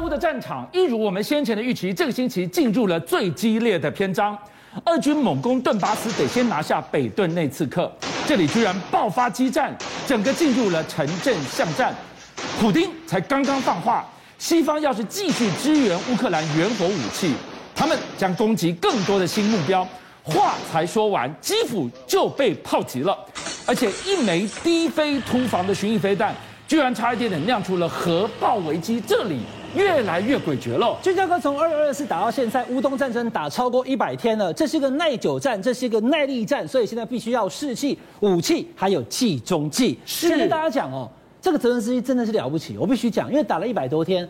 烏的戰場一如我們先前的預期，這個星期進入了最激烈的篇章。俄軍猛攻頓巴斯，得先拿下北頓內茨克。這裡居然爆發激戰，整個進入了城鎮巷戰。普丁才剛剛放話，西方要是繼續支援烏克蘭遠火武器，他們將攻擊更多的新目標。話才說完，基輔就被炮擊了，而且一枚低飛突防的巡弋飛彈，居然差一點點釀出了核爆危機。這裡。越來越詭譎了。俊相哥從二月二四打到現在，烏東戰爭打超過一百天了，這是一個耐久戰，這是一個耐力戰，所以現在必須要士氣、武器，還有計中計。是。跟大家講哦、喔，這個澤連斯基真的是了不起，我必須講，因為打了一百多天，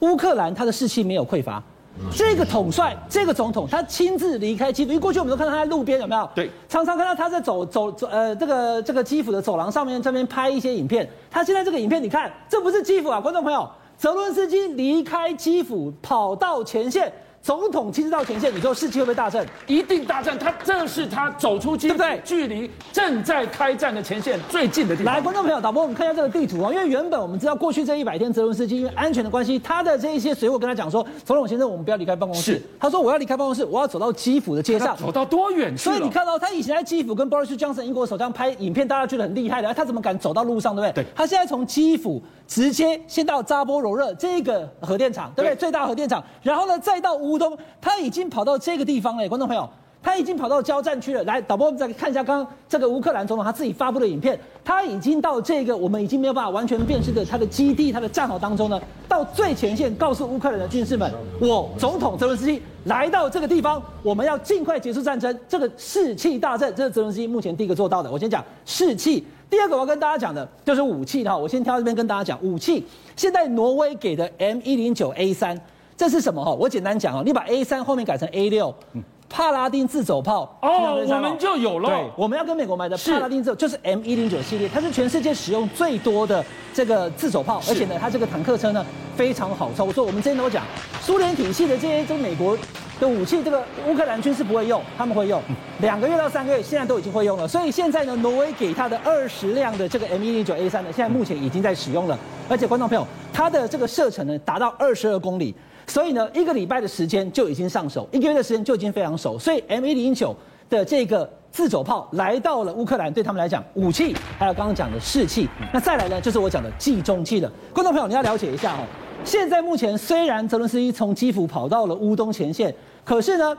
烏克蘭他的士氣沒有匱乏。嗯、這個統帥，嗯、這個總統，嗯、他親自離開基輔。因為過去我們都看到他在路邊有沒有？對，常常看到他在走走走，呃，這個這個基輔的走廊上面這邊拍一些影片。他現在這個影片，你看，這不是基輔啊，觀眾朋友。澤倫斯基離開基輔，跑到前線。總統親自到前線，你說士氣會不會大振？一定大振！他正是他走出距離正在開戰的前線，對，對最近的地方。來，觀眾朋友，導播，我們看一下這個地圖啊、哦，因為原本我們知道過去這一百天，澤倫斯基因為安全的關係，他的這一些隨扈跟他講說，總統先生，我們不要離開辦公室。是他說我要離開辦公室，我要走到基輔的街上。走到多遠去？所以你看到他以前在基輔跟鮑里斯·約翰遜英國首相拍影片，大家覺得很厲害的、啊，他怎麼敢走到路上，對不對？對。他現在從基輔直接先到扎波羅熱這個核電廠，對不對？對最大核電廠。然後呢，再到烏。烏東，他已經跑到這個地方了，觀眾朋友，他已經跑到交戰區了。來，導播，我們再看一下剛剛這個烏克蘭總統他自己發布的影片，他已經到這個我們已經沒有辦法完全辨識的他的基地、他的戰壕當中呢，到最前線告訴烏克蘭的軍士們：“我總統澤倫斯基來到這個地方，我們要儘快結束戰爭。”這個士氣大振，這是澤倫斯基目前第一個做到的。我先講士氣，第二個我要跟大家講的就是武器。哈，我先挑這邊跟大家講武器。現在挪威給的 M 一零九 A 三，這是什麼哈？我簡單講哦，你把 A 三後面改成 A 六，帕拉丁自走炮哦，我們就有了。對，我們要跟美國買的帕拉丁自走，是就是 M 一零九系列，它是全世界使用最多的這個自走炮，是而且呢，它這個坦克車呢非常好操作。我們之前都講，蘇聯體系的這些跟美國。的武器，這個烏克蘭軍是不會用，他們會用兩個月到三個月，現在都已經會用了。所以現在呢，挪威給他的二十輛的這個 M 一零九 A 三呢，現在目前已經在使用了。而且觀眾朋友，他的這個射程呢達到二十二公里，所以呢一個禮拜的時間就已經上手，一個月的時間就已經非常熟。所以 M 一零九的這個自走炮來到了烏克蘭，對他們來講，武器還有剛剛講的士氣，那再來呢就是我講的計中計了。觀眾朋友，你要了解一下哦。現在目前雖然澤倫斯基從基輔跑到了烏東前線，可是呢，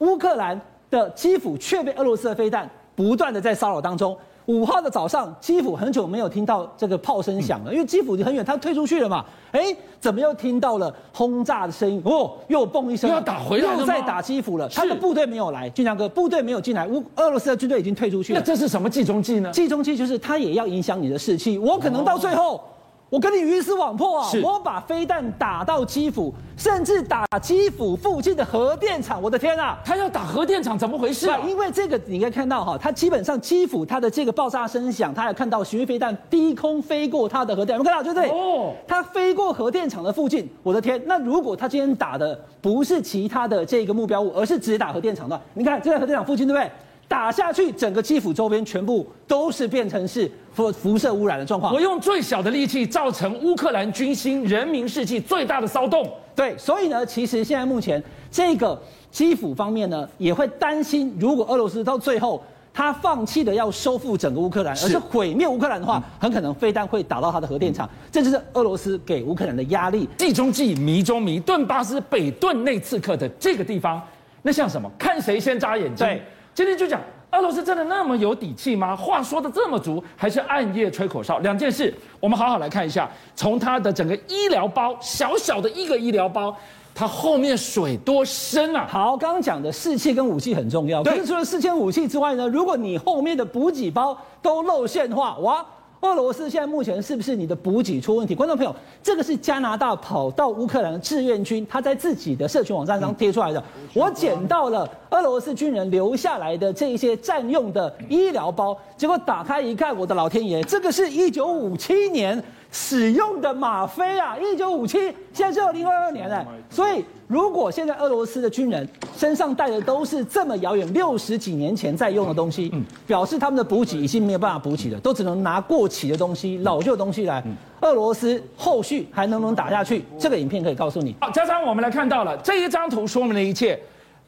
烏克蘭的基輔卻被俄羅斯的飛彈不斷的在騷擾當中。五號的早上，基輔很久沒有聽到這個炮聲響了，因為基輔很遠，他退出去了嘛。哎，怎麼又聽到了轟炸的聲音？哦，又嘣一聲，又要打回來了，又在再打基輔了。是他的部隊沒有來，俊相哥，部隊沒有進來，烏俄羅斯的軍隊已經退出去了。那這是什麼計中計呢？計中計就是他也要影響你的士氣，我可能到最後。哦我跟你魚死網破啊！是我把飛彈打到基輔，甚至打基輔附近的核電廠。我的天啊！他要打核電廠，怎麼回事、啊？因為這個，你可以看到哈、啊，他基本上基輔它的這個爆炸聲響，他有看到巡弋飛彈低空飛過他的核電廠，對不對？哦，oh. 他飛過核電廠的附近。我的天，那如果他今天打的不是其他的這個目標物，而是只打核電廠的，你看就在核電廠附近，對不對？打下去，整個基輔周邊全部都是變成是輻輻射污染的狀況。我用最小的力氣造成烏克蘭軍心、人民士氣最大的騷動。對，所以呢，其實現在目前這個基輔方面呢，也會擔心，如果俄羅斯到最後他放棄的要收復整個烏克蘭，是而是毀滅烏克蘭的話，嗯、很可能飛彈會打到他的核電廠，嗯、這就是俄羅斯給烏克蘭的壓力。計中計，謎中謎，頓巴斯北頓內茨克的這個地方，那像什麼？看誰先眨眼睛。對今天就講，俄羅斯真的那麼有底氣嗎？話說得這麼足，還是暗夜吹口哨？兩件事，我們好好來看一下。從他的整個醫療包，小小的一個醫療包，他後面水多深啊？好，剛剛講的士氣跟武器很重要。對，可除了四千武器之外呢，如果你後面的補給包都露餡的話，哇！俄羅斯現在目前是不是你的補給出問題？觀眾朋友，這個是加拿大跑到烏克蘭的志願軍，他在自己的社群網站上貼出來的。嗯嗯、我撿到了俄羅斯軍人留下來的這一些占用的醫療包，結果打開一看，嗯、我的老天爺，這個是一九五七年使用的嗎啡啊！一九五七，現在是二零二二年呢，所以。如果現在俄羅斯的軍人身上帶的都是這麼遙遠六十幾年前在用的東西，表示他們的補給已經沒有辦法補給了，都只能拿過期的東西、老舊東西來。俄羅斯後續還能不能打下去？這個影片可以告訴你。好，加上我們來看到了這一張圖說明了一切。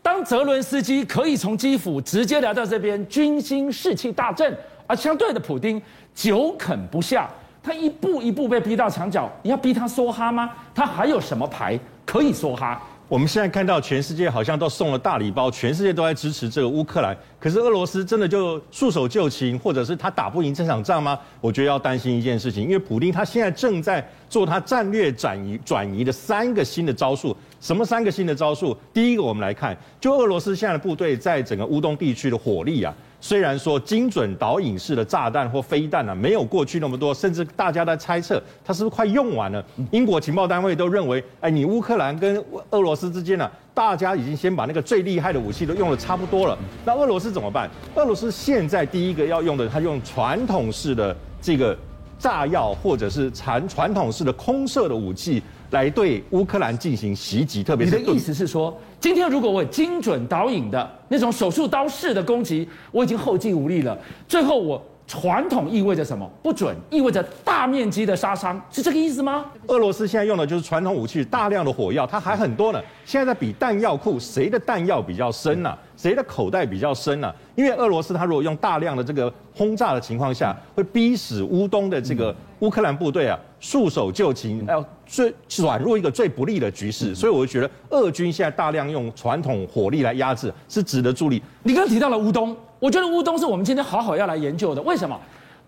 當澤倫斯基可以從基輔直接來到這邊，軍心士氣大振；而相對的，普丁久啃不下，他一步一步被逼到牆角。你要逼他梭哈嗎？他還有什麼牌？可以說哈，我們現在看到全世界好像都送了大禮包，全世界都在支持這個烏克蘭。可是俄羅斯真的就束手就擒，或者是他打不贏這場仗嗎？我覺得要擔心一件事情，因為普丁他現在正在做他戰略轉移轉移的三個新的招數。什麼三個新的招數？第一個，我們來看，就俄羅斯現在的部隊在整個烏東地區的火力啊。雖然說精準導引式的炸彈或飛彈呢、啊，沒有過去那麼多，甚至大家在猜測它是不是快用完了。英國情報單位都認為，哎，你烏克蘭跟俄羅斯之間呢、啊，大家已經先把那個最厲害的武器都用得差不多了。那俄羅斯怎麼辦？俄羅斯現在第一個要用的，他用傳統式的這個炸藥或者是傳傳統式的空射的武器來對烏克蘭進行襲擊，特別是你的意思是說。今天如果我精準導引的那種手術刀式的攻擊，我已經後繼無力了。最後我傳統意味着什麼？不准意味着大面積的殺傷，是這個意思嗎？俄羅斯現在用的就是傳統武器，大量的火藥，它還很多呢。現在在比彈藥庫，誰的彈藥比較深呢啊？誰的口袋比較深呢啊？因為俄羅斯它如果用大量的這個轟炸的情況下，會逼死烏東的這個烏克蘭部隊啊。束手就擒，要最轉入一個最不利的局勢，所以我就覺得俄軍現在大量用傳統火力來壓制，是值得助力。你剛提到了烏東，我覺得烏東是我們今天好好要來研究的。為什麼？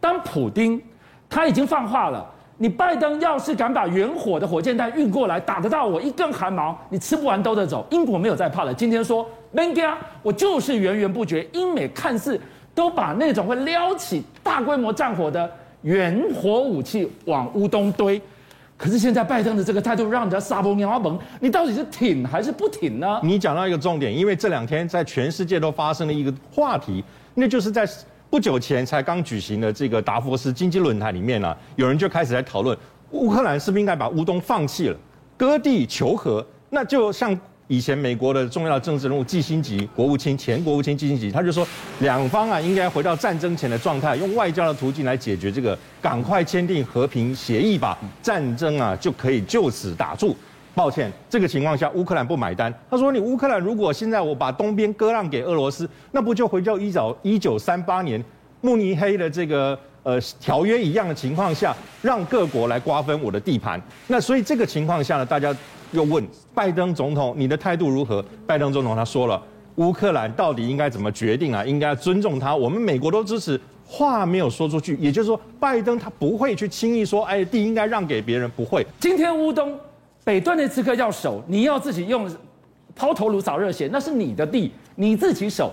當普丁他已經放話了，你拜登要是敢把遠火的火箭彈運過來，打得到我一根寒毛，你吃不完兜著走。英國沒有在怕了，今天說 m e n g a 我就是源源不絕。英美看似都把那種會撩起大規模戰火的。原火武器往烏東堆，可是現在拜登的這個態度讓人家撒瘋尿蒙，你到底是挺還是不挺呢？你講到一個重點，因為這兩天在全世界都發生了一個話題，那就是在不久前才剛舉行的這個達沃斯經濟論壇裡面呢、啊，有人就開始在討論烏克蘭是不是應該把烏東放棄了，割地求和，那就像。以前美國的重要的政治人物，季辛吉國務卿，前國務卿季辛吉，他就說，兩方啊應該回到戰爭前的狀態，用外交的途徑來解決這個，趕快簽訂和平協議吧，戰爭啊就可以就此打住。抱歉，這個情況下烏克蘭不買單。他說，你烏克蘭如果現在我把東邊割讓給俄羅斯，那不就回到一早一九三八年慕尼黑的這個。呃，條約一樣的情況下，讓各國來瓜分我的地盤。那所以這個情況下呢，大家又問拜登總統，你的態度如何？拜登總統他說了，烏克蘭到底應該怎麼決定啊？應該要尊重他，我們美國都支持。話沒有說出去，也就是說，拜登他不會去輕易說，哎，地應該讓給別人，不會。今天烏東北頓的刺客要守，你要自己用拋頭顱灑熱血，那是你的地，你自己守。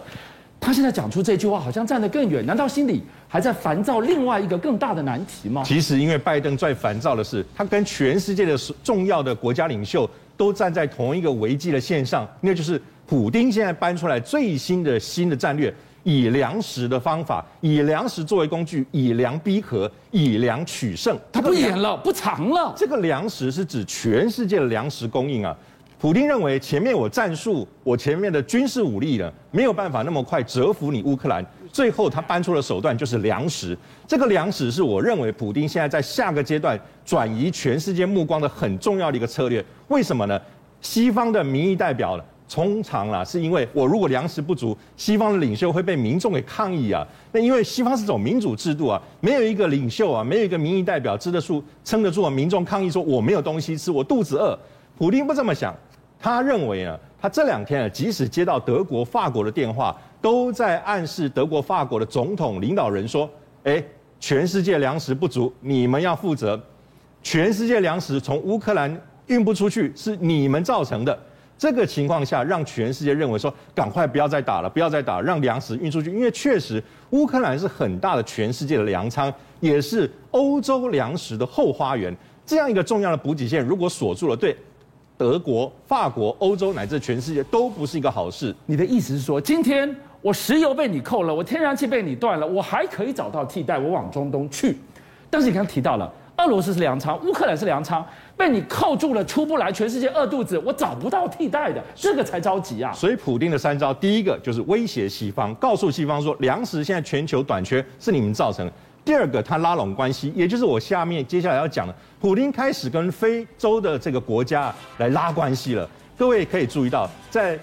他現在講出這句話，好像站得更遠。難道心裡還在煩躁另外一個更大的難題嗎？其實，因為拜登最煩躁的是，他跟全世界的重要的國家領袖都站在同一個危機的線上。那就是普丁現在搬出來最新的新的戰略，以糧食的方法，以糧食作為工具，以糧逼和，以糧取勝。他不演了，不藏了。這個糧食是指全世界的糧食供應啊。普丁認為，前面我戰術，我前面的軍事武力呢，沒有辦法那麼快折服你烏克蘭。最後，他搬出了手段，就是糧食。這個糧食是我認為，普丁現在在下個階段轉移全世界目光的很重要的一個策略。為什麼呢？西方的民意代表呢，通常啊，是因為我如果糧食不足，西方的領袖會被民眾給抗議啊。那因為西方是種民主制度啊，沒有一個領袖啊，沒有一個民意代表支得住，撐得住民眾抗議說：“我沒有東西吃，我肚子餓。”普丁不這麼想。他認為啊，他這兩天啊，即使接到德國、法國的電話，都在暗示德國、法國的總統領導人說：“哎，全世界糧食不足，你們要負責。全世界糧食從烏克蘭運不出去，是你們造成的。這個情況下，讓全世界認為說，趕快不要再打了，不要再打了，讓糧食運出去。因為確實，烏克蘭是很大的全世界的糧倉，也是歐洲糧食的後花園。這樣一個重要的補給線，如果鎖住了，對。”德國、法國、歐洲乃至全世界都不是一個好事。你的意思是說，今天我石油被你扣了，我天然氣被你斷了，我還可以找到替代，我往中東去。但是你剛剛提到了，俄羅斯是糧倉，烏克蘭是糧倉，被你扣住了出不來，全世界餓肚子，我找不到替代的，這個才着急啊！所以普丁的三招，第一個就是威脅西方，告訴西方說，糧食現在全球短缺是你們造成的。第二個，他拉攏關係，也就是我下面接下來要講的，普丁開始跟非洲的這個國家來拉關係了。各位可以注意到，在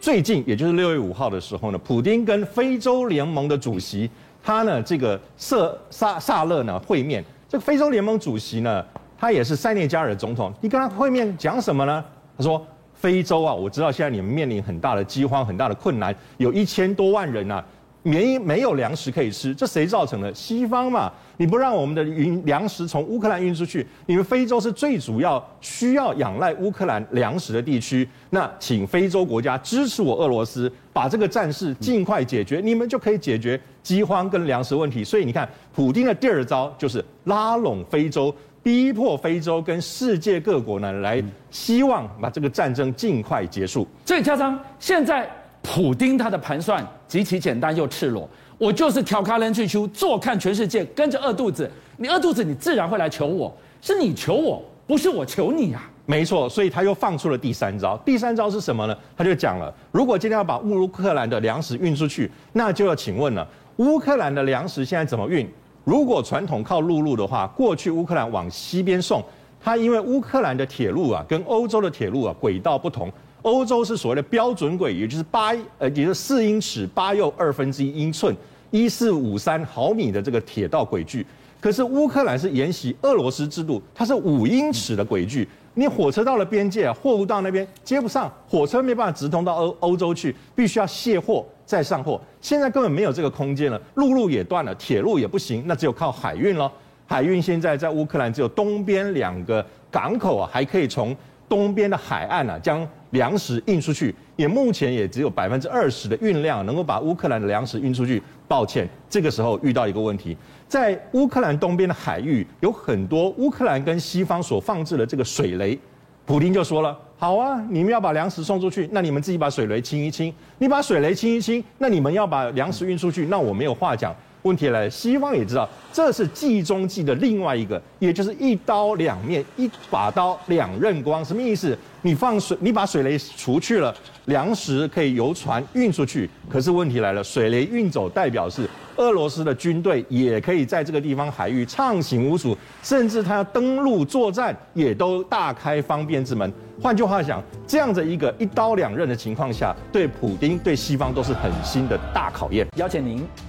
最近，也就是六月五號的時候呢，普丁跟非洲聯盟的主席，他呢這個設薩薩勒呢會面。這個非洲聯盟主席呢，他也是塞內加爾總統，你跟他會面講什麼呢？他說：“非洲啊，我知道現在你們面臨很大的饑荒，很大的困難，有一千多萬人啊。”棉衣沒有糧食可以吃，這誰造成的？西方嘛，你不讓我們的運糧食從烏克蘭運出去，你們非洲是最主要需要仰賴烏克蘭糧食的地區。那請非洲國家支持我俄羅斯，把這個戰事盡快解決，嗯、你們就可以解決飢荒跟糧食問題。所以你看，普丁的第二招就是拉攏非洲，逼迫非洲跟世界各國呢來，希望把這個戰爭盡快結束。所以、嗯，加上現在。普丁他的盤算極其簡單又赤裸，我就是挑卡糧去，球，坐看全世界跟着餓肚子。你餓肚子，你自然會來求我，是你求我，不是我求你啊。沒錯，所以他又放出了第三招。第三招是什麼呢？他就講了，如果今天要把烏克蘭的糧食運出去，那就要請問了，烏克蘭的糧食現在怎麼運？如果傳統靠陸路的話，過去烏克蘭往西邊送，他因為烏克蘭的鐵路啊，跟歐洲的鐵路啊軌道不同。歐洲是所謂的標準軌，也就是八呃，也就是四英尺八又二分之一英寸一四五三毫米的這個鐵道軌距。可是烏克蘭是沿襲俄羅斯制度，它是五英尺的軌距。你火車到了邊界，啊，貨物到那邊接不上，火車沒辦法直通到歐歐洲去，必須要卸貨再上貨。現在根本沒有這個空間了，陸路也斷了，鐵路也不行，那只有靠海運嘍。海運現在在烏克蘭只有東邊兩個港口啊，還可以從東邊的海岸啊將。糧食運出去，也目前也只有百分之二十的運量能夠把烏克蘭的糧食運出去。抱歉，這個時候遇到一個問題，在烏克蘭東邊的海域有很多烏克蘭跟西方所放置的這個水雷。普丁就說了：“好啊，你們要把糧食送出去，那你們自己把水雷清一清。你把水雷清一清，那你們要把糧食運出去，那我沒有話講。”問題來了，西方也知道這是計中計的另外一個，也就是一刀兩面，一把刀兩刃光，什麼意思？你放水，你把水雷除去了，糧食可以由船運出去。可是問題來了，水雷運走代表是俄羅斯的軍隊也可以在這個地方海域暢行無阻，甚至他要登陸作戰也都大開方便之門。換句話講，這樣的一個一刀兩刃的情況下，對普丁對西方都是很新的大考驗。邀請您。